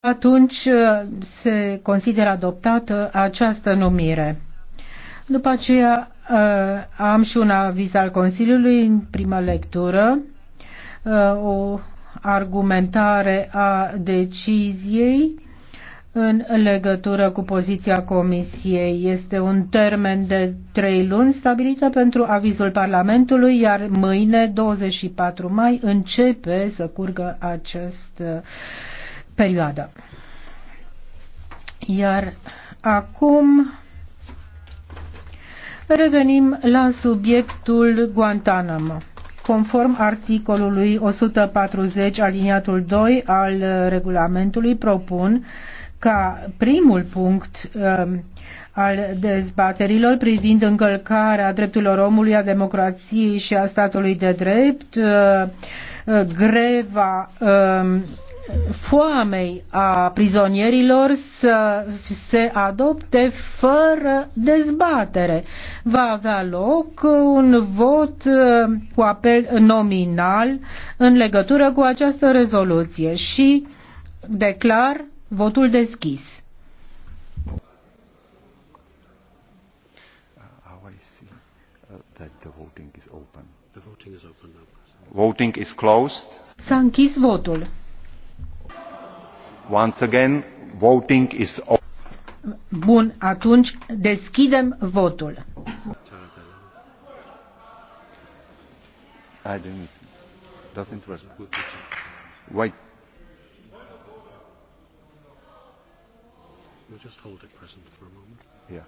atunci uh, se consideră adoptată această numire. După aceea uh, am și un aviz al Consiliului în prima lectură, uh, o argumentare a deciziei în legătură cu poziția Comisiei. Este un termen de trei luni stabilită pentru avizul Parlamentului, iar mâine, 24 mai, începe să curgă acest uh, perioadă. Iar acum revenim la subiectul Guantanamo. Conform articolului 140 aliniatul 2 al regulamentului propun ca primul punct um, al dezbaterilor privind încălcarea drepturilor omului, a democrației și a statului de drept uh, greva um, foamei a prizonierilor să se adopte fără dezbatere. Va avea loc un vot um, cu apel nominal în legătură cu această rezoluție și declar votul deschis. Ah, that the voting is open. The voting is open now. Voting is closed. S-a închis votul. Once again, voting is open. Bun, atunci deschidem votul. I didn't see. Doesn't work. Wait. We'll just hold it present for a moment. Yeah.